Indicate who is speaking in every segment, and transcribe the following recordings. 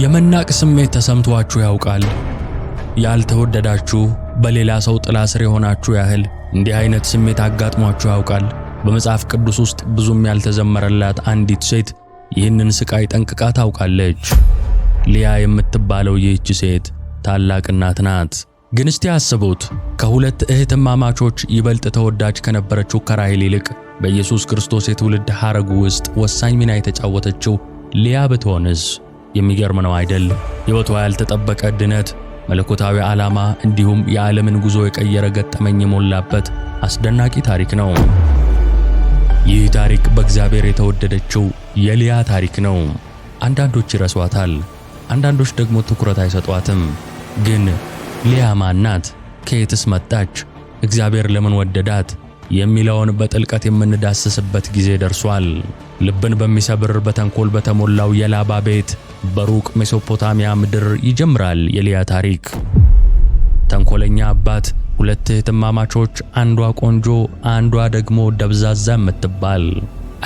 Speaker 1: የመናቅ ስሜት ተሰምቷችሁ ያውቃል? ያልተወደዳችሁ በሌላ ሰው ጥላ ስር የሆናችሁ ያህል እንዲህ አይነት ስሜት አጋጥሟችሁ ያውቃል? በመጽሐፍ ቅዱስ ውስጥ ብዙም ያልተዘመረላት አንዲት ሴት ይህንን ስቃይ ጠንቅቃ ታውቃለች። ሊያ የምትባለው ይህች ሴት ታላቅ እናት ናት። ግን እስቲ አስቡት ከሁለት እህትማማቾች ይበልጥ ተወዳጅ ከነበረችው ከራሄል ይልቅ በኢየሱስ ክርስቶስ የትውልድ ሐረጉ ውስጥ ወሳኝ ሚና የተጫወተችው ሊያ ብትሆንስ? የሚገርም ነው አይደል? ሕይወቷ ያልተጠበቀ ድነት፣ መለኮታዊ ዓላማ እንዲሁም የዓለምን ጉዞ የቀየረ ገጠመኝ የሞላበት አስደናቂ ታሪክ ነው። ይህ ታሪክ በእግዚአብሔር የተወደደችው የልያ ታሪክ ነው። አንዳንዶች ይረሷታል፣ አንዳንዶች ደግሞ ትኩረት አይሰጧትም። ግን ልያ ማን ናት? ከየትስ መጣች? እግዚአብሔር ለምን ወደዳት? የሚለውን በጥልቀት የምንዳስስበት ጊዜ ደርሷል። ልብን በሚሰብር በተንኮል በተሞላው የላባ ቤት በሩቅ ሜሶፖታሚያ ምድር ይጀምራል የልያ ታሪክ። ተንኮለኛ አባት፣ ሁለት እህትማማቾች፣ አንዷ ቆንጆ፣ አንዷ ደግሞ ደብዛዛ የምትባል።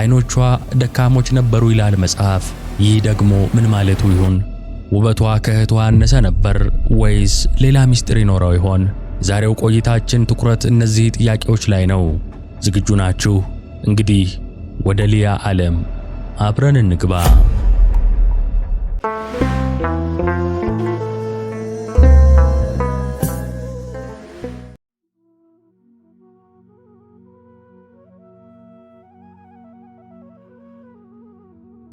Speaker 1: አይኖቿ ደካሞች ነበሩ ይላል መጽሐፍ። ይህ ደግሞ ምን ማለቱ ይሆን? ውበቷ ከእህቷ አነሰ ነበር ወይስ ሌላ ምስጢር ይኖረው ይሆን? ዛሬው ቆይታችን ትኩረት እነዚህ ጥያቄዎች ላይ ነው። ዝግጁ ናችሁ? እንግዲህ ወደ ሊያ ዓለም አብረን እንግባ።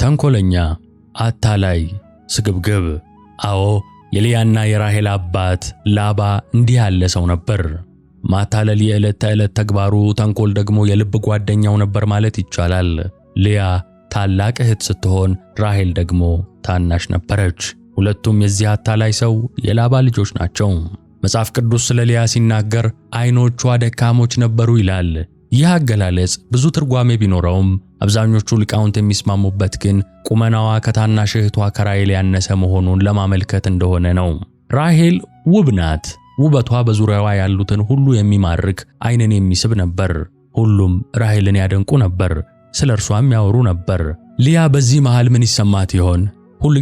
Speaker 1: ተንኮለኛ፣ አታላይ፣ ስግብግብ። አዎ የሊያና የራሄል አባት ላባ እንዲህ ያለ ሰው ነበር። ማታለል የዕለት ተዕለት ተግባሩ፣ ተንኮል ደግሞ የልብ ጓደኛው ነበር ማለት ይቻላል። ልያ ታላቅ እህት ስትሆን ራሄል ደግሞ ታናሽ ነበረች። ሁለቱም የዚህ አታላይ ሰው የላባ ልጆች ናቸው። መጽሐፍ ቅዱስ ስለ ልያ ሲናገር ዓይኖቿ ደካሞች ነበሩ ይላል። ይህ አገላለጽ ብዙ ትርጓሜ ቢኖረውም አብዛኞቹ ሊቃውንት የሚስማሙበት ግን ቁመናዋ ከታናሽ እህቷ ከራሄል ያነሰ መሆኑን ለማመልከት እንደሆነ ነው። ራሄል ውብ ናት፣ ውበቷ በዙሪያዋ ያሉትን ሁሉ የሚማርክ ዓይንን የሚስብ ነበር። ሁሉም ራሄልን ያደንቁ ነበር፣ ስለ እርሷም ያወሩ ነበር። ሊያ በዚህ መሃል ምን ይሰማት ይሆን?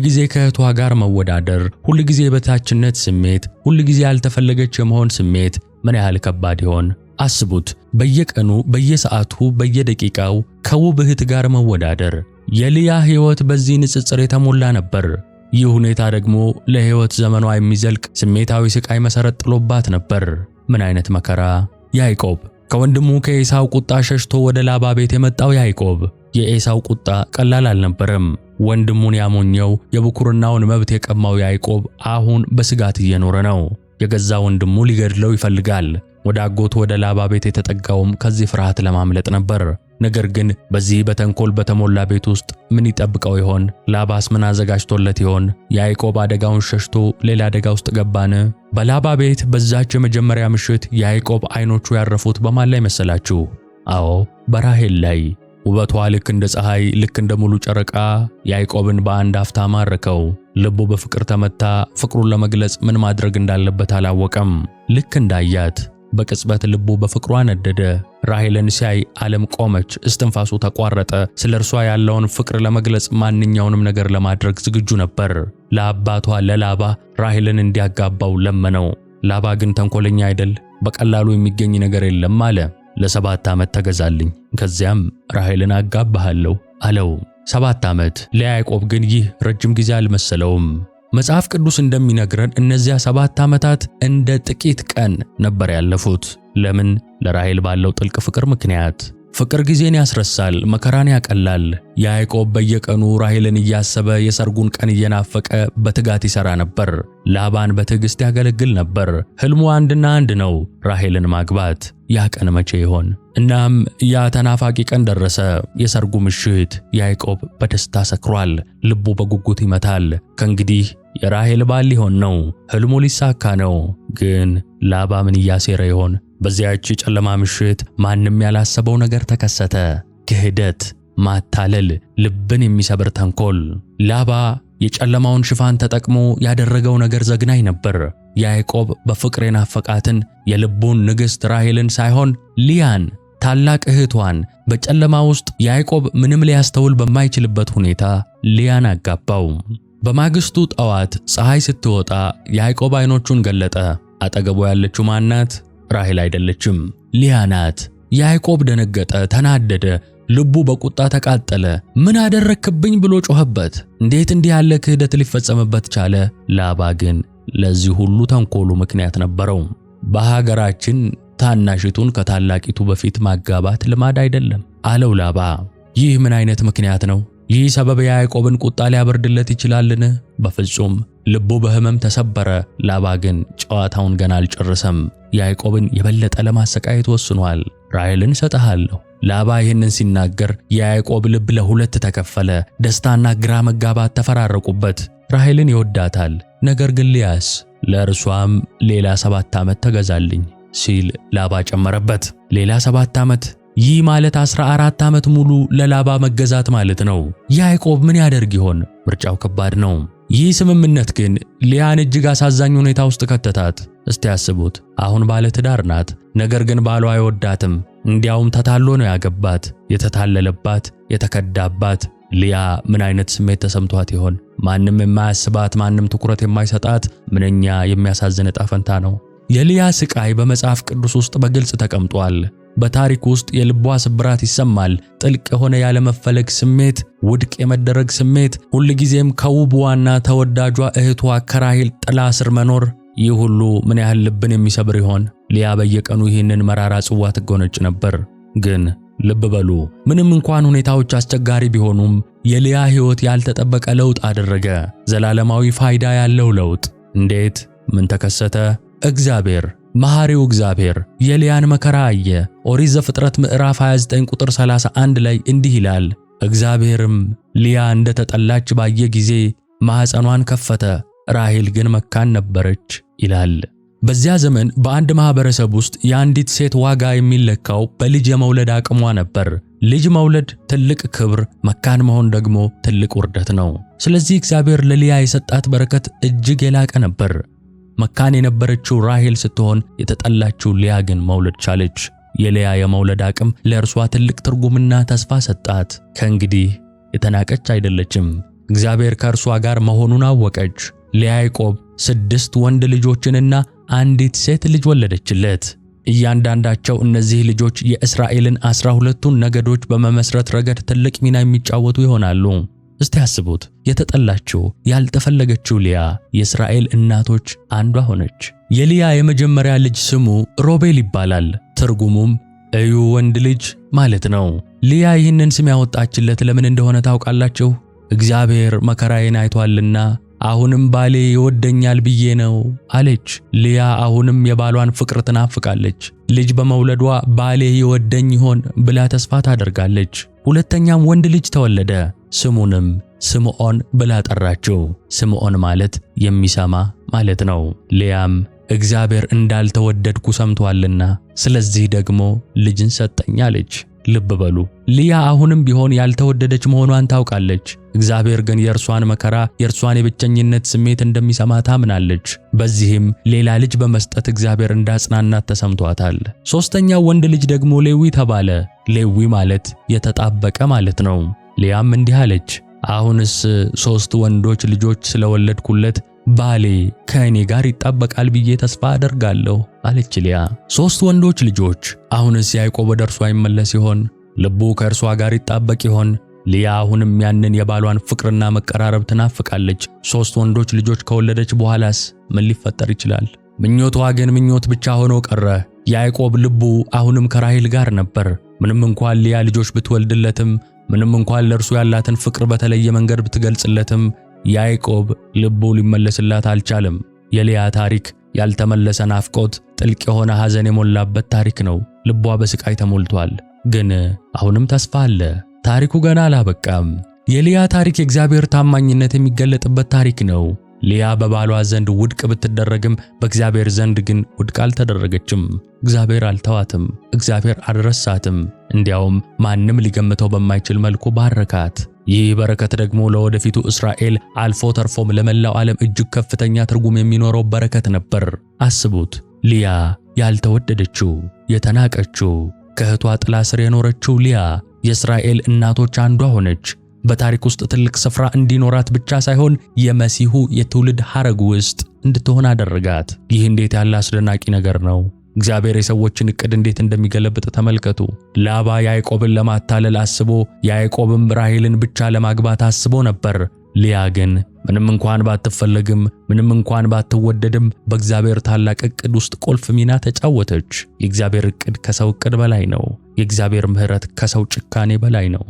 Speaker 1: ጊዜ ከእህቷ ጋር መወዳደር፣ ጊዜ የበታችነት ስሜት፣ ጊዜ ያልተፈለገች የመሆን ስሜት ምን ያህል ከባድ ይሆን? አስቡት፣ በየቀኑ በየሰዓቱ በየደቂቃው ከውብ እህት ጋር መወዳደር። የሊያ ሕይወት በዚህ ንጽጽር የተሞላ ነበር። ይህ ሁኔታ ደግሞ ለሕይወት ዘመኗ የሚዘልቅ ስሜታዊ ስቃይ መሠረት ጥሎባት ነበር። ምን አይነት መከራ! ያዕቆብ ከወንድሙ ከኤሳው ቁጣ ሸሽቶ ወደ ላባ ቤት የመጣው ያዕቆብ የኤሳው ቁጣ ቀላል አልነበረም። ወንድሙን ያሞኘው የብኩርናውን መብት የቀማው ያዕቆብ አሁን በስጋት እየኖረ ነው። የገዛ ወንድሙ ሊገድለው ይፈልጋል። ወደ አጎቱ ወደ ላባ ቤት የተጠጋውም ከዚህ ፍርሃት ለማምለጥ ነበር። ነገር ግን በዚህ በተንኮል በተሞላ ቤት ውስጥ ምን ይጠብቀው ይሆን? ላባስ ምን አዘጋጅቶለት ይሆን? ያዕቆብ አደጋውን ሸሽቶ ሌላ አደጋ ውስጥ ገባን? በላባ ቤት በዛች የመጀመሪያ ምሽት ያዕቆብ አይኖቹ ያረፉት በማን ላይ መሰላችሁ? አዎ በራሄል ላይ። ውበቷ ልክ እንደ ፀሐይ ልክ እንደ ሙሉ ጨረቃ ያዕቆብን በአንድ አፍታ ማረከው። ልቡ በፍቅር ተመታ። ፍቅሩን ለመግለጽ ምን ማድረግ እንዳለበት አላወቀም። ልክ እንዳያት በቅጽበት ልቡ በፍቅሯ ነደደ። ራሄልን ሲያይ ዓለም ቆመች፣ እስትንፋሱ ተቋረጠ። ስለ እርሷ ያለውን ፍቅር ለመግለጽ ማንኛውንም ነገር ለማድረግ ዝግጁ ነበር። ለአባቷ ለላባ ራሄልን እንዲያጋባው ለመነው። ላባ ግን ተንኮለኛ አይደል፣ በቀላሉ የሚገኝ ነገር የለም አለ። ለሰባት ዓመት ተገዛልኝ፣ ከዚያም ራሄልን አጋባሃለሁ አለው። ሰባት ዓመት ለያዕቆብ ግን ይህ ረጅም ጊዜ አልመሰለውም። መጽሐፍ ቅዱስ እንደሚነግረን እነዚያ ሰባት ዓመታት እንደ ጥቂት ቀን ነበር ያለፉት። ለምን? ለራሔል ባለው ጥልቅ ፍቅር ምክንያት። ፍቅር ጊዜን ያስረሳል፣ መከራን ያቀላል። ያዕቆብ በየቀኑ ራሔልን እያሰበ የሰርጉን ቀን እየናፈቀ በትጋት ይሰራ ነበር። ላባን በትዕግስት ያገለግል ነበር። ህልሙ አንድና አንድ ነው፣ ራሔልን ማግባት። ያ ቀን መቼ ይሆን? እናም ያ ተናፋቂ ቀን ደረሰ፣ የሰርጉ ምሽት። ያዕቆብ በደስታ ሰክሯል፣ ልቡ በጉጉት ይመታል። ከእንግዲህ የራሔል ባል ሊሆን ነው፣ ህልሙ ሊሳካ ነው። ግን ላባ ምን እያሴረ ይሆን? በዚያች የጨለማ ምሽት ማንም ያላሰበው ነገር ተከሰተ። ክህደት፣ ማታለል፣ ልብን የሚሰብር ተንኮል። ላባ የጨለማውን ሽፋን ተጠቅሞ ያደረገው ነገር ዘግናኝ ነበር። ያዕቆብ በፍቅር የናፈቃትን የልቡን ንግሥት ራሄልን ሳይሆን ሊያን ታላቅ እህቷን በጨለማ ውስጥ ያዕቆብ ምንም ሊያስተውል በማይችልበት ሁኔታ ሊያን አጋባው። በማግስቱ ጠዋት ፀሐይ ስትወጣ ያዕቆብ ዓይኖቹን ገለጠ። አጠገቡ ያለችው ማናት? ራሄል አይደለችም፣ ሊያ ናት። ያዕቆብ ደነገጠ፣ ተናደደ፣ ልቡ በቁጣ ተቃጠለ። ምን አደረክብኝ ብሎ ጮኸበት። እንዴት እንዲህ ያለ ክህደት ሊፈጸምበት ቻለ? ላባ ግን ለዚህ ሁሉ ተንኮሉ ምክንያት ነበረው። በሀገራችን ታናሽቱን ከታላቂቱ በፊት ማጋባት ልማድ አይደለም አለው ላባ። ይህ ምን አይነት ምክንያት ነው? ይህ ሰበብ የያዕቆብን ቁጣ ሊያበርድለት ይችላልን? በፍጹም። ልቡ በሕመም ተሰበረ። ላባ ግን ጨዋታውን ገና አልጨረሰም። ያዕቆብን የበለጠ ለማሰቃየት ወስኗል። ራሔልን እሰጥሃለሁ። ላባ ይህንን ሲናገር የያዕቆብ ልብ ለሁለት ተከፈለ። ደስታና ግራ መጋባት ተፈራረቁበት። ራሔልን ይወዳታል፣ ነገር ግን ሊያስ ለእርሷም ሌላ ሰባት ዓመት ተገዛልኝ ሲል ላባ ጨመረበት። ሌላ ሰባት ዓመት ይህ ማለት 14 ዓመት ሙሉ ለላባ መገዛት ማለት ነው። ያዕቆብ ምን ያደርግ ይሆን? ምርጫው ከባድ ነው። ይህ ስምምነት ግን ሊያን እጅግ አሳዛኝ ሁኔታ ውስጥ ከተታት። እስቲ ያስቡት፣ አሁን ባለ ትዳር ናት፣ ነገር ግን ባሏ አይወዳትም። እንዲያውም ተታሎ ነው ያገባት። የተታለለባት፣ የተከዳባት ሊያ ምን አይነት ስሜት ተሰምቷት ይሆን? ማንም የማያስባት፣ ማንም ትኩረት የማይሰጣት ምንኛ የሚያሳዝን ዕጣ ፈንታ ነው። የሊያ ስቃይ በመጽሐፍ ቅዱስ ውስጥ በግልጽ ተቀምጧል። በታሪክ ውስጥ የልቧ ስብራት ይሰማል። ጥልቅ የሆነ ያለመፈለግ ስሜት፣ ውድቅ የመደረግ ስሜት፣ ሁልጊዜም ከውብዋና ተወዳጇ እህቷ ከራሂል ጥላ ስር መኖር። ይህ ሁሉ ምን ያህል ልብን የሚሰብር ይሆን? ሊያ በየቀኑ ይህንን መራራ ጽዋ ትጎነጭ ነበር። ግን ልብ በሉ፣ ምንም እንኳን ሁኔታዎች አስቸጋሪ ቢሆኑም የሊያ ሕይወት ያልተጠበቀ ለውጥ አደረገ። ዘላለማዊ ፋይዳ ያለው ለውጥ። እንዴት? ምን ተከሰተ? እግዚአብሔር መሐሪው እግዚአብሔር የልያን መከራ አየ። ኦሪት ዘፍጥረት ምዕራፍ 29 ቁጥር 31 ላይ እንዲህ ይላል፣ እግዚአብሔርም ልያ እንደ ተጠላች ባየ ጊዜ ማኅፀኗን ከፈተ፣ ራሔል ግን መካን ነበረች ይላል። በዚያ ዘመን በአንድ ማኅበረሰብ ውስጥ የአንዲት ሴት ዋጋ የሚለካው በልጅ የመውለድ አቅሟ ነበር። ልጅ መውለድ ትልቅ ክብር፣ መካን መሆን ደግሞ ትልቅ ውርደት ነው። ስለዚህ እግዚአብሔር ለልያ የሰጣት በረከት እጅግ የላቀ ነበር። መካን የነበረችው ራሄል ስትሆን የተጠላችው ሊያ ግን መውለድ ቻለች። የሊያ የመውለድ አቅም ለእርሷ ትልቅ ትርጉምና ተስፋ ሰጣት። ከእንግዲህ የተናቀች አይደለችም። እግዚአብሔር ከእርሷ ጋር መሆኑን አወቀች። ሊያ ያዕቆብ ስድስት ወንድ ልጆችንና አንዲት ሴት ልጅ ወለደችለት። እያንዳንዳቸው እነዚህ ልጆች የእስራኤልን አስራ ሁለቱን ነገዶች በመመስረት ረገድ ትልቅ ሚና የሚጫወቱ ይሆናሉ። እስቲ አስቡት፣ የተጠላችው ያልተፈለገችው ሊያ የእስራኤል እናቶች አንዷ ሆነች። የሊያ የመጀመሪያ ልጅ ስሙ ሮቤል ይባላል። ትርጉሙም እዩ ወንድ ልጅ ማለት ነው። ሊያ ይህንን ስም ያወጣችለት ለምን እንደሆነ ታውቃላችሁ? እግዚአብሔር መከራዬን አይቷልና አሁንም ባሌ ይወደኛል ብዬ ነው አለች። ሊያ አሁንም የባሏን ፍቅር ትናፍቃለች። ልጅ በመውለዷ ባሌ ይወደኝ ይሆን ብላ ተስፋ ታደርጋለች። ሁለተኛም ወንድ ልጅ ተወለደ። ስሙንም ስምዖን ብላ ጠራችው። ስምዖን ማለት የሚሰማ ማለት ነው። ልያም እግዚአብሔር እንዳልተወደድኩ ሰምቶአልና ስለዚህ ደግሞ ልጅን ሰጠኝ አለች። ልብ በሉ ልያ አሁንም ቢሆን ያልተወደደች መሆኗን ታውቃለች። እግዚአብሔር ግን የእርሷን መከራ፣ የእርሷን የብቸኝነት ስሜት እንደሚሰማ ታምናለች። በዚህም ሌላ ልጅ በመስጠት እግዚአብሔር እንዳጽናናት ተሰምቷታል። ሦስተኛው ወንድ ልጅ ደግሞ ሌዊ ተባለ። ሌዊ ማለት የተጣበቀ ማለት ነው። ሊያም እንዲህ አለች፣ አሁንስ ሦስት ወንዶች ልጆች ስለወለድኩለት ባሌ ከእኔ ጋር ይጣበቃል ብዬ ተስፋ አደርጋለሁ አለች ሊያ። ሦስት ወንዶች ልጆች! አሁንስ ያዕቆብ ወደ እርሷ ይመለስ ይሆን? ልቡ ከእርሷ ጋር ይጣበቅ ይሆን? ሊያ አሁንም ያንን የባሏን ፍቅርና መቀራረብ ትናፍቃለች። ሦስት ወንዶች ልጆች ከወለደች በኋላስ ምን ሊፈጠር ይችላል? ምኞቷ ግን ምኞት ብቻ ሆኖ ቀረ። ያዕቆብ ልቡ አሁንም ከራሄል ጋር ነበር። ምንም እንኳን ሊያ ልጆች ብትወልድለትም ምንም እንኳን ለእርሱ ያላትን ፍቅር በተለየ መንገድ ብትገልጽለትም ያዕቆብ ልቡ ሊመለስላት አልቻለም። የልያ ታሪክ ያልተመለሰ ናፍቆት፣ ጥልቅ የሆነ ሐዘን የሞላበት ታሪክ ነው። ልቧ በስቃይ ተሞልቷል። ግን አሁንም ተስፋ አለ። ታሪኩ ገና አላበቃም። የልያ ታሪክ የእግዚአብሔር ታማኝነት የሚገለጥበት ታሪክ ነው። ሊያ በባሏ ዘንድ ውድቅ ብትደረግም በእግዚአብሔር ዘንድ ግን ውድቅ አልተደረገችም። እግዚአብሔር አልተዋትም፣ እግዚአብሔር አልረሳትም። እንዲያውም ማንም ሊገምተው በማይችል መልኩ ባረካት። ይህ በረከት ደግሞ ለወደፊቱ እስራኤል አልፎ ተርፎም ለመላው ዓለም እጅግ ከፍተኛ ትርጉም የሚኖረው በረከት ነበር። አስቡት፣ ሊያ ያልተወደደችው፣ የተናቀችው፣ ከእህቷ ጥላ ስር የኖረችው ሊያ የእስራኤል እናቶች አንዷ ሆነች። በታሪክ ውስጥ ትልቅ ስፍራ እንዲኖራት ብቻ ሳይሆን የመሲሁ የትውልድ ሐረግ ውስጥ እንድትሆን አደረጋት። ይህ እንዴት ያለ አስደናቂ ነገር ነው! እግዚአብሔር የሰዎችን እቅድ እንዴት እንደሚገለብጥ ተመልከቱ። ላባ ያዕቆብን ለማታለል አስቦ፣ ያዕቆብም ራሔልን ብቻ ለማግባት አስቦ ነበር። ሊያ ግን ምንም እንኳን ባትፈለግም ምንም እንኳን ባትወደድም በእግዚአብሔር ታላቅ እቅድ ውስጥ ቁልፍ ሚና ተጫወተች። የእግዚአብሔር እቅድ ከሰው እቅድ በላይ ነው። የእግዚአብሔር ምሕረት ከሰው ጭካኔ በላይ ነው።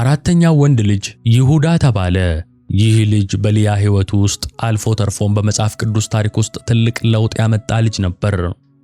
Speaker 1: አራተኛው ወንድ ልጅ ይሁዳ ተባለ። ይህ ልጅ በልያ ሕይወት ውስጥ አልፎ ተርፎም በመጽሐፍ ቅዱስ ታሪክ ውስጥ ትልቅ ለውጥ ያመጣ ልጅ ነበር።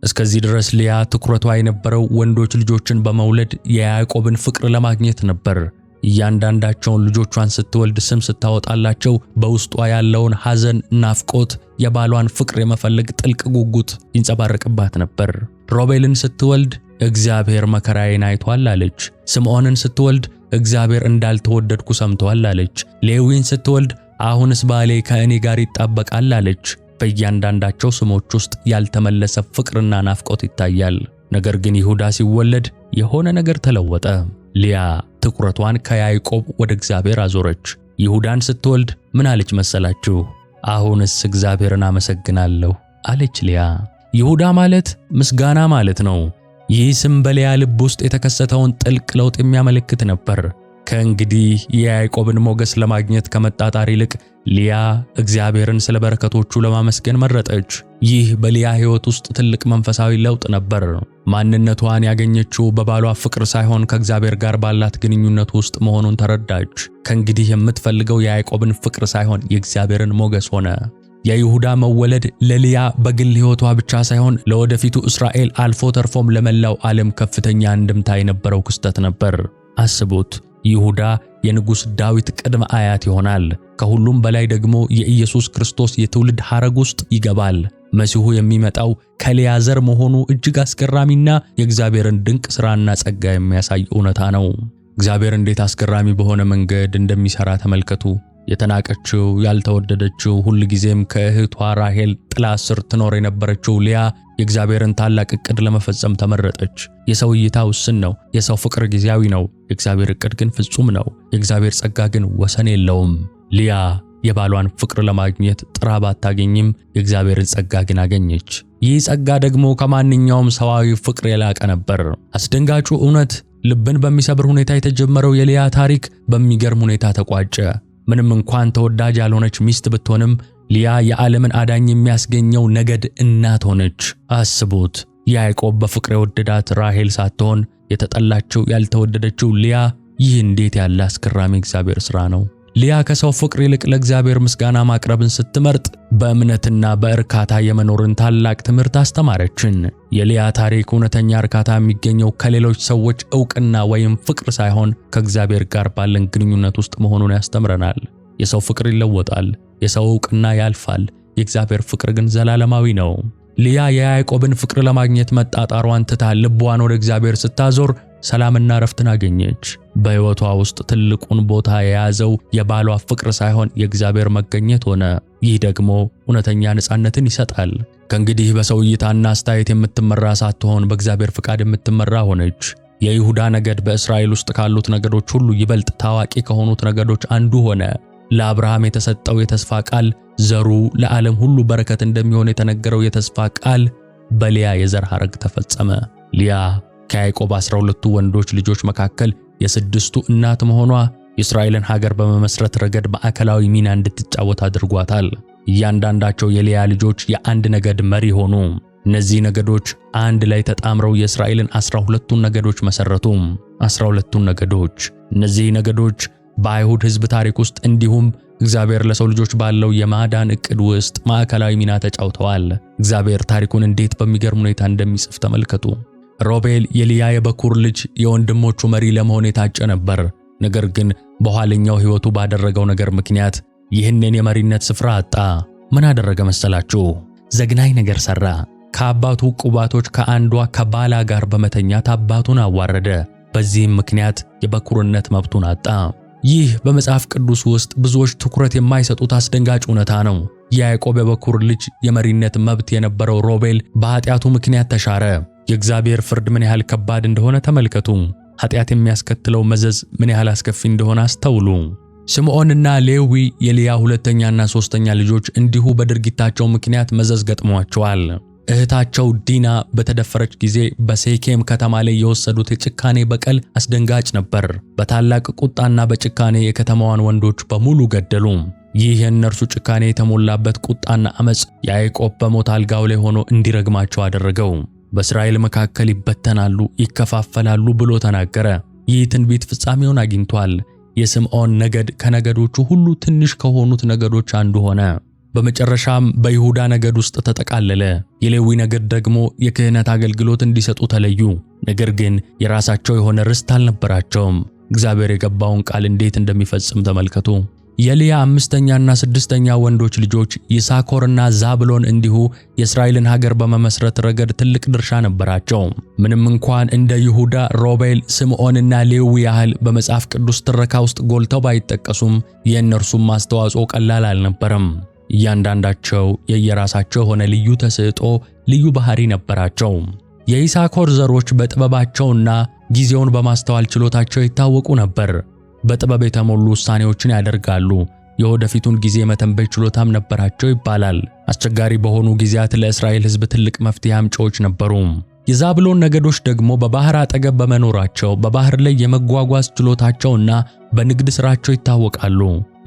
Speaker 1: እስከዚህ ድረስ ልያ ትኩረቷ የነበረው ወንዶች ልጆችን በመውለድ የያዕቆብን ፍቅር ለማግኘት ነበር። እያንዳንዳቸውን ልጆቿን ስትወልድ ስም ስታወጣላቸው በውስጧ ያለውን ሐዘን፣ ናፍቆት፣ የባሏን ፍቅር የመፈለግ ጥልቅ ጉጉት ይንጸባረቅባት ነበር። ሮቤልን ስትወልድ እግዚአብሔር መከራዬን አይቷል አለች። ስምዖንን ስትወልድ እግዚአብሔር እንዳልተወደድኩ ሰምተዋል አለች። ሌዊን ስትወልድ አሁንስ ባሌ ከእኔ ጋር ይጣበቃል አለች። በእያንዳንዳቸው ስሞች ውስጥ ያልተመለሰ ፍቅርና ናፍቆት ይታያል። ነገር ግን ይሁዳ ሲወለድ የሆነ ነገር ተለወጠ። ሊያ ትኩረቷን ከያዕቆብ ወደ እግዚአብሔር አዞረች። ይሁዳን ስትወልድ ምን አለች መሰላችሁ? አሁንስ እግዚአብሔርን አመሰግናለሁ አለች ሊያ። ይሁዳ ማለት ምስጋና ማለት ነው። ይህ ስም በልያ ልብ ውስጥ የተከሰተውን ጥልቅ ለውጥ የሚያመለክት ነበር። ከእንግዲህ የያዕቆብን ሞገስ ለማግኘት ከመጣጣር ይልቅ ሊያ እግዚአብሔርን ስለ በረከቶቹ ለማመስገን መረጠች። ይህ በሊያ ሕይወት ውስጥ ትልቅ መንፈሳዊ ለውጥ ነበር። ማንነቷን ያገኘችው በባሏ ፍቅር ሳይሆን ከእግዚአብሔር ጋር ባላት ግንኙነት ውስጥ መሆኑን ተረዳች። ከእንግዲህ የምትፈልገው የያዕቆብን ፍቅር ሳይሆን የእግዚአብሔርን ሞገስ ሆነ። የይሁዳ መወለድ ለልያ በግል ሕይወቷ ብቻ ሳይሆን ለወደፊቱ እስራኤል አልፎ ተርፎም ለመላው ዓለም ከፍተኛ አንድምታ የነበረው ክስተት ነበር። አስቡት፣ ይሁዳ የንጉሥ ዳዊት ቅድመ አያት ይሆናል። ከሁሉም በላይ ደግሞ የኢየሱስ ክርስቶስ የትውልድ ሐረግ ውስጥ ይገባል። መሲሁ የሚመጣው ከልያ ዘር መሆኑ እጅግ አስገራሚና የእግዚአብሔርን ድንቅ ሥራና ጸጋ የሚያሳይ እውነታ ነው። እግዚአብሔር እንዴት አስገራሚ በሆነ መንገድ እንደሚሠራ ተመልከቱ። የተናቀችው ያልተወደደችው ጊዜም ከእህቷ ራሄል ጥላ ስር ትኖር የነበረችው ሊያ የእግዚአብሔርን ታላቅ እቅድ ለመፈጸም ተመረጠች። የሰው እይታ ውስን ነው። የሰው ፍቅር ጊዜያዊ ነው። የእግዚአብሔር እቅድ ግን ፍጹም ነው። የእግዚአብሔር ጸጋ ግን ወሰን የለውም። ሊያ የባሏን ፍቅር ለማግኘት ጥራ ባታገኝም የእግዚአብሔርን ጸጋ ግን አገኘች። ይህ ጸጋ ደግሞ ከማንኛውም ሰዋዊ ፍቅር የላቀ ነበር። አስደንጋጩ እውነት ልብን በሚሰብር ሁኔታ የተጀመረው የሊያ ታሪክ በሚገርም ሁኔታ ተቋጨ። ምንም እንኳን ተወዳጅ ያልሆነች ሚስት ብትሆንም ሊያ የዓለምን አዳኝ የሚያስገኘው ነገድ እናት ሆነች። አስቡት! ያዕቆብ በፍቅር የወደዳት ራሔል ሳትሆን የተጠላችው ያልተወደደችው ሊያ። ይህ እንዴት ያለ አስገራሚ እግዚአብሔር ሥራ ነው! ሊያ ከሰው ፍቅር ይልቅ ለእግዚአብሔር ምስጋና ማቅረብን ስትመርጥ በእምነትና በእርካታ የመኖርን ታላቅ ትምህርት አስተማረችን። የሊያ ታሪክ እውነተኛ እርካታ የሚገኘው ከሌሎች ሰዎች ዕውቅና ወይም ፍቅር ሳይሆን ከእግዚአብሔር ጋር ባለን ግንኙነት ውስጥ መሆኑን ያስተምረናል። የሰው ፍቅር ይለወጣል፣ የሰው ዕውቅና ያልፋል፣ የእግዚአብሔር ፍቅር ግን ዘላለማዊ ነው። ሊያ የያዕቆብን ፍቅር ለማግኘት መጣጣሯን ትታ ልቧን ወደ እግዚአብሔር ስታዞር ሰላምና ረፍትን አገኘች። በሕይወቷ ውስጥ ትልቁን ቦታ የያዘው የባሏ ፍቅር ሳይሆን የእግዚአብሔር መገኘት ሆነ። ይህ ደግሞ እውነተኛ ነፃነትን ይሰጣል። ከእንግዲህ በሰው እይታና አስተያየት የምትመራ ሳትሆን በእግዚአብሔር ፍቃድ የምትመራ ሆነች። የይሁዳ ነገድ በእስራኤል ውስጥ ካሉት ነገዶች ሁሉ ይበልጥ ታዋቂ ከሆኑት ነገዶች አንዱ ሆነ። ለአብርሃም የተሰጠው የተስፋ ቃል ዘሩ ለዓለም ሁሉ በረከት እንደሚሆን የተነገረው የተስፋ ቃል በሊያ የዘር ሐረግ ተፈጸመ። ሊያ ከያዕቆብ አስራ ሁለቱ ወንዶች ልጆች መካከል የስድስቱ እናት መሆኗ የእስራኤልን ሀገር በመመስረት ረገድ ማዕከላዊ ሚና እንድትጫወት አድርጓታል። እያንዳንዳቸው የልያ ልጆች የአንድ ነገድ መሪ ሆኑ። እነዚህ ነገዶች አንድ ላይ ተጣምረው የእስራኤልን አስራ ሁለቱን ነገዶች መሰረቱ። አስራ ሁለቱን ነገዶች እነዚህ ነገዶች በአይሁድ ሕዝብ ታሪክ ውስጥ እንዲሁም እግዚአብሔር ለሰው ልጆች ባለው የማዳን ዕቅድ ውስጥ ማዕከላዊ ሚና ተጫውተዋል። እግዚአብሔር ታሪኩን እንዴት በሚገርም ሁኔታ እንደሚጽፍ ተመልከቱ። ሮቤል የልያ የበኩር ልጅ የወንድሞቹ መሪ ለመሆን የታጨ ነበር። ነገር ግን በኋለኛው ሕይወቱ ባደረገው ነገር ምክንያት ይህንን የመሪነት ስፍራ አጣ። ምን አደረገ መሰላችሁ? ዘግናኝ ነገር ሠራ። ከአባቱ ቁባቶች ከአንዷ ከባላ ጋር በመተኛት አባቱን አዋረደ። በዚህም ምክንያት የበኩርነት መብቱን አጣ። ይህ በመጽሐፍ ቅዱስ ውስጥ ብዙዎች ትኩረት የማይሰጡት አስደንጋጭ እውነታ ነው። የያዕቆብ የበኩር ልጅ የመሪነት መብት የነበረው ሮቤል በኃጢአቱ ምክንያት ተሻረ። የእግዚአብሔር ፍርድ ምን ያህል ከባድ እንደሆነ ተመልከቱ። ኃጢአት የሚያስከትለው መዘዝ ምን ያህል አስከፊ እንደሆነ አስተውሉ። ስምዖንና ሌዊ የልያ ሁለተኛና ሦስተኛ ልጆች እንዲሁ በድርጊታቸው ምክንያት መዘዝ ገጥሟቸዋል። እህታቸው ዲና በተደፈረች ጊዜ በሴኬም ከተማ ላይ የወሰዱት የጭካኔ በቀል አስደንጋጭ ነበር። በታላቅ ቁጣና በጭካኔ የከተማዋን ወንዶች በሙሉ ገደሉ። ይህ የእነርሱ ጭካኔ የተሞላበት ቁጣና አመፅ ያዕቆብ በሞት አልጋው ላይ ሆኖ እንዲረግማቸው አደረገው። በእስራኤል መካከል ይበተናሉ፣ ይከፋፈላሉ ብሎ ተናገረ። ይህ ትንቢት ፍጻሜውን አግኝቷል። የስምዖን ነገድ ከነገዶቹ ሁሉ ትንሽ ከሆኑት ነገዶች አንዱ ሆነ። በመጨረሻም በይሁዳ ነገድ ውስጥ ተጠቃለለ። የሌዊ ነገድ ደግሞ የክህነት አገልግሎት እንዲሰጡ ተለዩ። ነገር ግን የራሳቸው የሆነ ርስት አልነበራቸውም። እግዚአብሔር የገባውን ቃል እንዴት እንደሚፈጽም ተመልከቱ። የልያ አምስተኛና ስድስተኛ ወንዶች ልጆች ይሳኮርና ዛብሎን እንዲሁ የእስራኤልን ሀገር በመመስረት ረገድ ትልቅ ድርሻ ነበራቸው። ምንም እንኳን እንደ ይሁዳ፣ ሮቤል፣ ስምዖንና ሌዊ ያህል በመጽሐፍ ቅዱስ ትረካ ውስጥ ጎልተው ባይጠቀሱም የእነርሱም አስተዋጽኦ ቀላል አልነበረም። እያንዳንዳቸው የየራሳቸው የሆነ ልዩ ተሰጥኦ፣ ልዩ ባህሪ ነበራቸው። የይሳኮር ዘሮች በጥበባቸውና ጊዜውን በማስተዋል ችሎታቸው ይታወቁ ነበር። በጥበብ የተሞሉ ውሳኔዎችን ያደርጋሉ። የወደፊቱን ጊዜ መተንበይ ችሎታም ነበራቸው ይባላል። አስቸጋሪ በሆኑ ጊዜያት ለእስራኤል ሕዝብ ትልቅ መፍትሄ አምጪዎች ነበሩ። የዛብሎን ነገዶች ደግሞ በባህር አጠገብ በመኖራቸው በባህር ላይ የመጓጓዝ ችሎታቸውና በንግድ ሥራቸው ይታወቃሉ።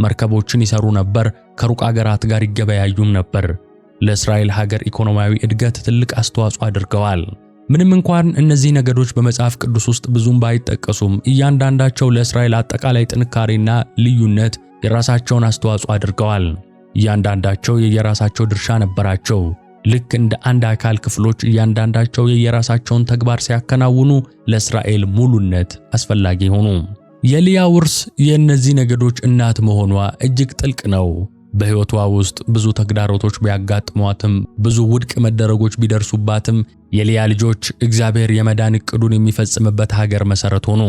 Speaker 1: መርከቦችን ይሰሩ ነበር፣ ከሩቅ አገራት ጋር ይገበያዩም ነበር። ለእስራኤል ሀገር ኢኮኖሚያዊ እድገት ትልቅ አስተዋጽኦ አድርገዋል። ምንም እንኳን እነዚህ ነገዶች በመጽሐፍ ቅዱስ ውስጥ ብዙም ባይጠቀሱም እያንዳንዳቸው ለእስራኤል አጠቃላይ ጥንካሬና ልዩነት የራሳቸውን አስተዋጽኦ አድርገዋል። እያንዳንዳቸው የየራሳቸው ድርሻ ነበራቸው። ልክ እንደ አንድ አካል ክፍሎች እያንዳንዳቸው የየራሳቸውን ተግባር ሲያከናውኑ ለእስራኤል ሙሉነት አስፈላጊ ሆኑ። የልያ ውርስ የእነዚህ ነገዶች እናት መሆኗ እጅግ ጥልቅ ነው። በሕይወቷ ውስጥ ብዙ ተግዳሮቶች ቢያጋጥሟትም ብዙ ውድቅ መደረጎች ቢደርሱባትም የልያ ልጆች እግዚአብሔር የመዳን እቅዱን የሚፈጽምበት ሀገር መሠረት ሆኑ።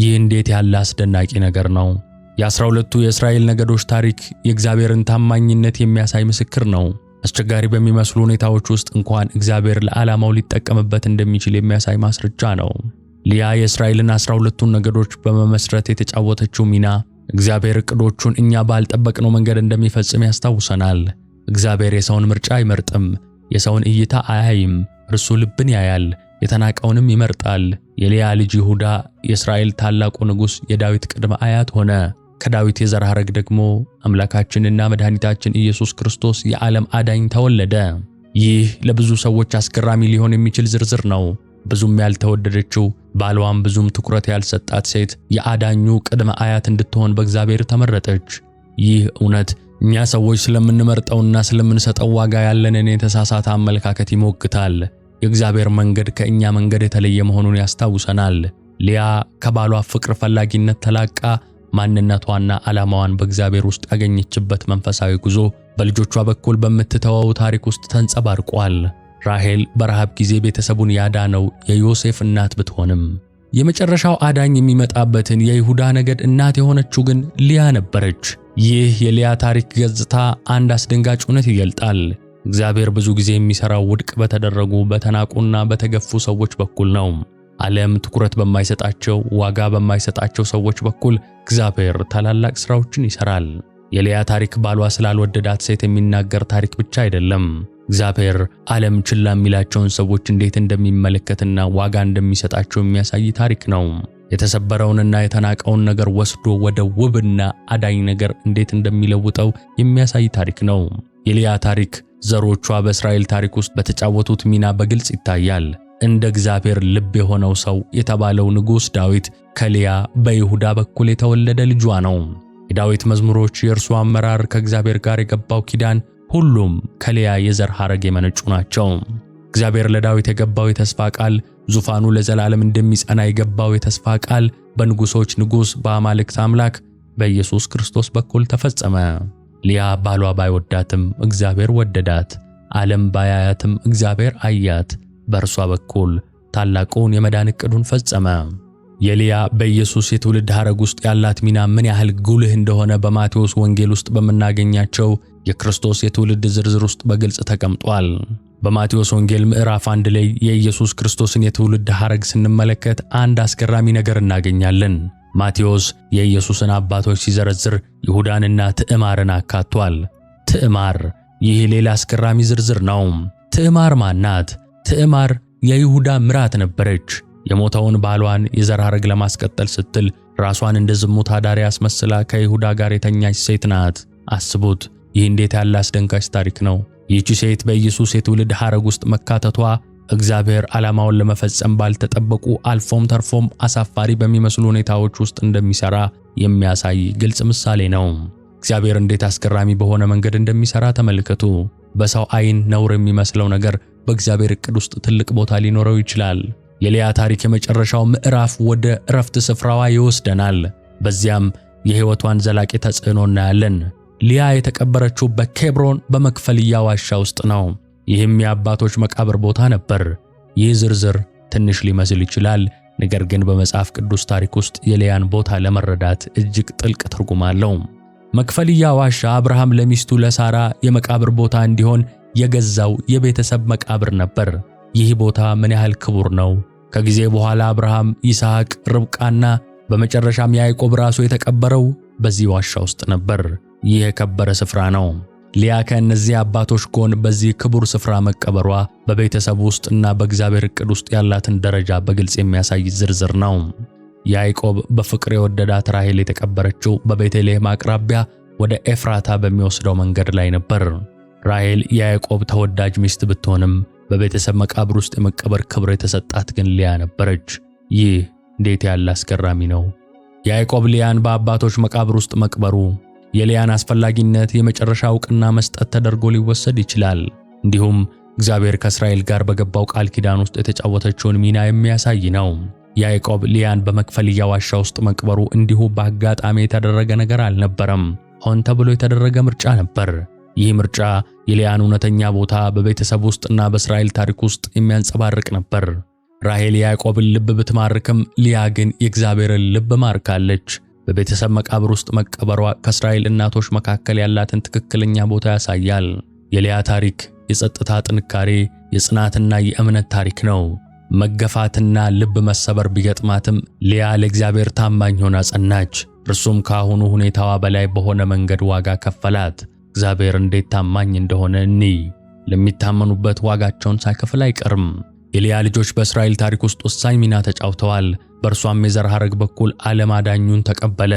Speaker 1: ይህ እንዴት ያለ አስደናቂ ነገር ነው! የአስራ ሁለቱ የእስራኤል ነገዶች ታሪክ የእግዚአብሔርን ታማኝነት የሚያሳይ ምስክር ነው። አስቸጋሪ በሚመስሉ ሁኔታዎች ውስጥ እንኳን እግዚአብሔር ለዓላማው ሊጠቀምበት እንደሚችል የሚያሳይ ማስረጃ ነው። ሊያ የእስራኤልን አስራ ሁለቱን ነገዶች በመመስረት የተጫወተችው ሚና እግዚአብሔር እቅዶቹን እኛ ባልጠበቅነው መንገድ እንደሚፈጽም ያስታውሰናል። እግዚአብሔር የሰውን ምርጫ አይመርጥም፣ የሰውን እይታ አያይም፣ እርሱ ልብን ያያል፣ የተናቀውንም ይመርጣል። የልያ ልጅ ይሁዳ የእስራኤል ታላቁ ንጉሥ የዳዊት ቅድመ አያት ሆነ። ከዳዊት የዘር ሐረግ ደግሞ አምላካችንና መድኃኒታችን ኢየሱስ ክርስቶስ የዓለም አዳኝ ተወለደ። ይህ ለብዙ ሰዎች አስገራሚ ሊሆን የሚችል ዝርዝር ነው። ብዙም ያልተወደደችው ባልዋም ብዙም ትኩረት ያልሰጣት ሴት የአዳኙ ቅድመ አያት እንድትሆን በእግዚአብሔር ተመረጠች። ይህ እውነት እኛ ሰዎች ስለምንመርጠውና ስለምንሰጠው ዋጋ ያለንን የተሳሳተ አመለካከት ይሞግታል። የእግዚአብሔር መንገድ ከእኛ መንገድ የተለየ መሆኑን ያስታውሰናል። ሊያ ከባሏ ፍቅር ፈላጊነት ተላቃ ማንነቷና ዓላማዋን በእግዚአብሔር ውስጥ ያገኘችበት መንፈሳዊ ጉዞ በልጆቿ በኩል በምትተወው ታሪክ ውስጥ ተንጸባርቋል። ራሄል በረሃብ ጊዜ ቤተሰቡን ያዳነው የዮሴፍ እናት ብትሆንም የመጨረሻው አዳኝ የሚመጣበትን የይሁዳ ነገድ እናት የሆነችው ግን ሊያ ነበረች። ይህ የሊያ ታሪክ ገጽታ አንድ አስደንጋጭ እውነት ይገልጣል። እግዚአብሔር ብዙ ጊዜ የሚሠራው ውድቅ በተደረጉ በተናቁና በተገፉ ሰዎች በኩል ነው። ዓለም ትኩረት በማይሰጣቸው፣ ዋጋ በማይሰጣቸው ሰዎች በኩል እግዚአብሔር ታላላቅ ሥራዎችን ይሠራል። የሊያ ታሪክ ባሏ ስላልወደዳት ሴት የሚናገር ታሪክ ብቻ አይደለም። እግዚአብሔር ዓለም ችላ የሚላቸውን ሰዎች እንዴት እንደሚመለከትና ዋጋ እንደሚሰጣቸው የሚያሳይ ታሪክ ነው። የተሰበረውንና የተናቀውን ነገር ወስዶ ወደ ውብና አዳኝ ነገር እንዴት እንደሚለውጠው የሚያሳይ ታሪክ ነው። የልያ ታሪክ ዘሮቿ በእስራኤል ታሪክ ውስጥ በተጫወቱት ሚና በግልጽ ይታያል። እንደ እግዚአብሔር ልብ የሆነው ሰው የተባለው ንጉሥ ዳዊት ከልያ በይሁዳ በኩል የተወለደ ልጇ ነው። የዳዊት መዝሙሮች፣ የእርሱ አመራር፣ ከእግዚአብሔር ጋር የገባው ኪዳን ሁሉም ከሊያ የዘር ሐረግ የመነጩ ናቸው። እግዚአብሔር ለዳዊት የገባው የተስፋ ቃል፣ ዙፋኑ ለዘላለም እንደሚጸና የገባው የተስፋ ቃል በንጉሶች ንጉሥ በአማልክት አምላክ በኢየሱስ ክርስቶስ በኩል ተፈጸመ። ሊያ ባሏ ባይወዳትም እግዚአብሔር ወደዳት። ዓለም ባያያትም እግዚአብሔር አያት። በእርሷ በኩል ታላቁን የመዳን ዕቅዱን ፈጸመ። የልያ በኢየሱስ የትውልድ ሐረግ ውስጥ ያላት ሚና ምን ያህል ጉልህ እንደሆነ በማቴዎስ ወንጌል ውስጥ በምናገኛቸው የክርስቶስ የትውልድ ዝርዝር ውስጥ በግልጽ ተቀምጧል። በማቴዎስ ወንጌል ምዕራፍ አንድ ላይ የኢየሱስ ክርስቶስን የትውልድ ሐረግ ስንመለከት አንድ አስገራሚ ነገር እናገኛለን። ማቴዎስ የኢየሱስን አባቶች ሲዘረዝር ይሁዳንና ትዕማርን አካቷል። ትዕማር ይህ ሌላ አስገራሚ ዝርዝር ነው። ትዕማር ማናት? ትዕማር የይሁዳ ምራት ነበረች። የሞተውን ባሏን የዘር ሐረግ ለማስቀጠል ስትል ራሷን እንደ ዝሙት አዳሪ አስመስላ ከይሁዳ ጋር የተኛች ሴት ናት። አስቡት ይህ እንዴት ያለ አስደንጋጭ ታሪክ ነው! ይህች ሴት በኢየሱስ የትውልድ ሐረግ ውስጥ መካተቷ እግዚአብሔር ዓላማውን ለመፈጸም ባልተጠበቁ አልፎም ተርፎም አሳፋሪ በሚመስሉ ሁኔታዎች ውስጥ እንደሚሰራ የሚያሳይ ግልጽ ምሳሌ ነው። እግዚአብሔር እንዴት አስገራሚ በሆነ መንገድ እንደሚሰራ ተመልከቱ። በሰው ዓይን ነውር የሚመስለው ነገር በእግዚአብሔር እቅድ ውስጥ ትልቅ ቦታ ሊኖረው ይችላል። የልያ ታሪክ የመጨረሻው ምዕራፍ ወደ እረፍት ስፍራዋ ይወስደናል። በዚያም የሕይወቷን ዘላቂ ተጽዕኖ እናያለን። ሊያ የተቀበረችው በኬብሮን በመክፈልያ ዋሻ ውስጥ ነው። ይህም የአባቶች መቃብር ቦታ ነበር። ይህ ዝርዝር ትንሽ ሊመስል ይችላል፣ ነገር ግን በመጽሐፍ ቅዱስ ታሪክ ውስጥ የሊያን ቦታ ለመረዳት እጅግ ጥልቅ ትርጉም አለው። መክፈልያ ዋሻ አብርሃም ለሚስቱ ለሳራ የመቃብር ቦታ እንዲሆን የገዛው የቤተሰብ መቃብር ነበር። ይህ ቦታ ምን ያህል ክቡር ነው! ከጊዜ በኋላ አብርሃም፣ ይስሐቅ፣ ርብቃና በመጨረሻም ያዕቆብ ራሱ የተቀበረው በዚህ ዋሻ ውስጥ ነበር። ይህ የከበረ ስፍራ ነው። ሊያ ከእነዚህ አባቶች ጎን በዚህ ክቡር ስፍራ መቀበሯ በቤተሰብ ውስጥ እና በእግዚአብሔር ዕቅድ ውስጥ ያላትን ደረጃ በግልጽ የሚያሳይ ዝርዝር ነው። ያዕቆብ በፍቅር የወደዳት ራሔል የተቀበረችው በቤተልሔም አቅራቢያ ወደ ኤፍራታ በሚወስደው መንገድ ላይ ነበር። ራሔል የያዕቆብ ተወዳጅ ሚስት ብትሆንም በቤተሰብ መቃብር ውስጥ የመቀበር ክብር የተሰጣት ግን ሊያ ነበረች። ይህ እንዴት ያለ አስገራሚ ነው! ያዕቆብ ሊያን በአባቶች መቃብር ውስጥ መቅበሩ የልያን አስፈላጊነት የመጨረሻ ዕውቅና መስጠት ተደርጎ ሊወሰድ ይችላል። እንዲሁም እግዚአብሔር ከእስራኤል ጋር በገባው ቃል ኪዳን ውስጥ የተጫወተችውን ሚና የሚያሳይ ነው። ያዕቆብ ልያን በመክፈልያ ዋሻ ውስጥ መቅበሩ እንዲሁ በአጋጣሚ የተደረገ ነገር አልነበረም። ሆን ተብሎ የተደረገ ምርጫ ነበር። ይህ ምርጫ የልያን እውነተኛ ቦታ በቤተሰብ ውስጥና በእስራኤል ታሪክ ውስጥ የሚያንጸባርቅ ነበር። ራሄል ያዕቆብን ልብ ብትማርክም፣ ልያ ግን የእግዚአብሔርን ልብ ማርካለች። በቤተሰብ መቃብር ውስጥ መቀበሯ ከእስራኤል እናቶች መካከል ያላትን ትክክለኛ ቦታ ያሳያል። የልያ ታሪክ የጸጥታ ጥንካሬ፣ የጽናትና የእምነት ታሪክ ነው። መገፋትና ልብ መሰበር ቢገጥማትም ልያ ለእግዚአብሔር ታማኝ ሆና ጸናች። እርሱም ከአሁኑ ሁኔታዋ በላይ በሆነ መንገድ ዋጋ ከፈላት። እግዚአብሔር እንዴት ታማኝ እንደሆነ እኒ ለሚታመኑበት ዋጋቸውን ሳይከፍል አይቀርም። የሊያ ልጆች በእስራኤል ታሪክ ውስጥ ወሳኝ ሚና ተጫውተዋል። በእርሷም የዘር ሐረግ በኩል ዓለም አዳኙን ተቀበለ።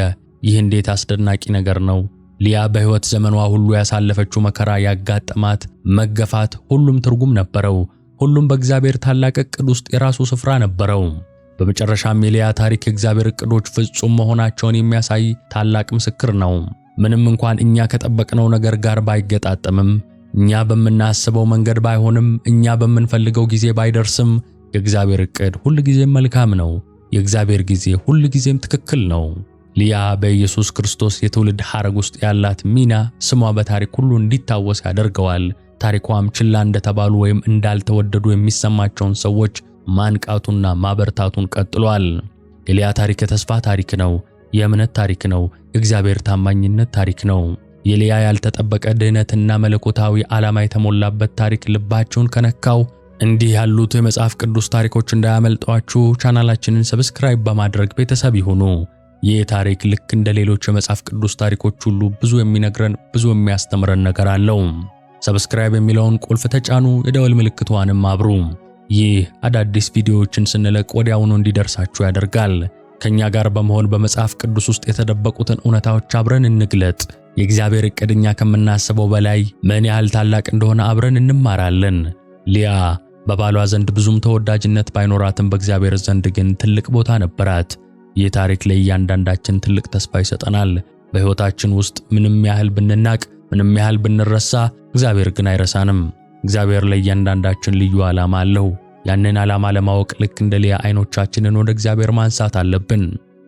Speaker 1: ይህ እንዴት አስደናቂ ነገር ነው! ሊያ በሕይወት ዘመኗ ሁሉ ያሳለፈችው መከራ፣ ያጋጠማት መገፋት፣ ሁሉም ትርጉም ነበረው። ሁሉም በእግዚአብሔር ታላቅ ዕቅድ ውስጥ የራሱ ስፍራ ነበረው። በመጨረሻም የሊያ ታሪክ የእግዚአብሔር ዕቅዶች ፍጹም መሆናቸውን የሚያሳይ ታላቅ ምስክር ነው። ምንም እንኳን እኛ ከጠበቅነው ነገር ጋር ባይገጣጠምም እኛ በምናስበው መንገድ ባይሆንም፣ እኛ በምንፈልገው ጊዜ ባይደርስም፣ የእግዚአብሔር ዕቅድ ጊዜም መልካም ነው። የእግዚአብሔር ጊዜ ጊዜም ትክክል ነው። ሊያ በኢየሱስ ክርስቶስ የትውልድ ሐረግ ውስጥ ያላት ሚና ስሟ በታሪክ ሁሉ እንዲታወስ ያደርገዋል። ታሪኳም ችላ እንደተባሉ ወይም እንዳልተወደዱ የሚሰማቸውን ሰዎች ማንቃቱና ማበርታቱን ቀጥሏል። የሊያ ታሪክ የተስፋ ታሪክ ነው። የእምነት ታሪክ ነው። የእግዚአብሔር ታማኝነት ታሪክ ነው። የልያ ያልተጠበቀ ድህነትና መለኮታዊ ዓላማ የተሞላበት ታሪክ ልባችሁን ከነካው እንዲህ ያሉት የመጽሐፍ ቅዱስ ታሪኮች እንዳያመልጧችሁ ቻናላችንን ሰብስክራይብ በማድረግ ቤተሰብ ይሁኑ። ይህ ታሪክ ልክ እንደ ሌሎች የመጽሐፍ ቅዱስ ታሪኮች ሁሉ ብዙ የሚነግረን ብዙ የሚያስተምረን ነገር አለው። ሰብስክራይብ የሚለውን ቁልፍ ተጫኑ፣ የደወል ምልክቷንም አብሩ። ይህ አዳዲስ ቪዲዮዎችን ስንለቅ ወዲያውኑ እንዲደርሳችሁ ያደርጋል። ከኛ ጋር በመሆን በመጽሐፍ ቅዱስ ውስጥ የተደበቁትን እውነታዎች አብረን እንግለጥ። የእግዚአብሔር ዕቅድ እኛ ከምናስበው በላይ ምን ያህል ታላቅ እንደሆነ አብረን እንማራለን። ሊያ በባሏ ዘንድ ብዙም ተወዳጅነት ባይኖራትም በእግዚአብሔር ዘንድ ግን ትልቅ ቦታ ነበራት። ይህ ታሪክ ለእያንዳንዳችን ትልቅ ተስፋ ይሰጠናል። በሕይወታችን ውስጥ ምንም ያህል ብንናቅ፣ ምንም ያህል ብንረሳ፣ እግዚአብሔር ግን አይረሳንም። እግዚአብሔር ለእያንዳንዳችን ልዩ ዓላማ አለው። ያንን ዓላማ ለማወቅ ልክ እንደ ሊያ አይኖቻችንን ወደ እግዚአብሔር ማንሳት አለብን።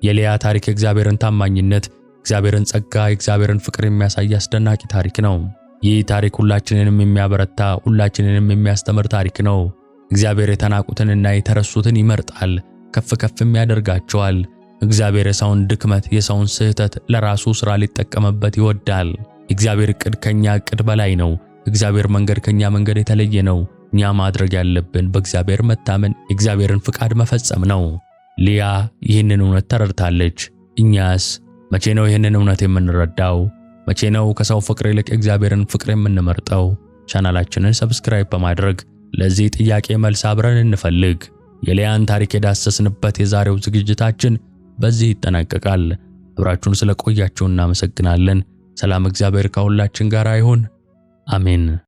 Speaker 1: የሊያ ታሪክ የእግዚአብሔርን ታማኝነት እግዚአብሔርን ጸጋ፣ የእግዚአብሔርን ፍቅር የሚያሳይ አስደናቂ ታሪክ ነው። ይህ ታሪክ ሁላችንንም የሚያበረታ፣ ሁላችንንም የሚያስተምር ታሪክ ነው። እግዚአብሔር የተናቁትንና የተረሱትን ይመርጣል፣ ከፍ ከፍም ያደርጋቸዋል። እግዚአብሔር የሰውን ድክመት፣ የሰውን ስህተት ለራሱ ሥራ ሊጠቀምበት ይወዳል። እግዚአብሔር ዕቅድ ከኛ ዕቅድ በላይ ነው። እግዚአብሔር መንገድ ከኛ መንገድ የተለየ ነው። እኛ ማድረግ ያለብን በእግዚአብሔር መታመን፣ የእግዚአብሔርን ፍቃድ መፈጸም ነው። ሊያ ይህንን እውነት ተረድታለች። እኛስ መቼ ነው ይህንን እውነት የምንረዳው? መቼ ነው ከሰው ፍቅር ይልቅ እግዚአብሔርን ፍቅር የምንመርጠው? ቻናላችንን ሰብስክራይብ በማድረግ ለዚህ ጥያቄ መልስ አብረን እንፈልግ። የልያን ታሪክ የዳሰስንበት የዛሬው ዝግጅታችን በዚህ ይጠናቀቃል። አብራችሁን ስለቆያችሁ እናመሰግናለን። ሰላም፣ እግዚአብሔር ከሁላችን ጋር ይሁን። አሜን።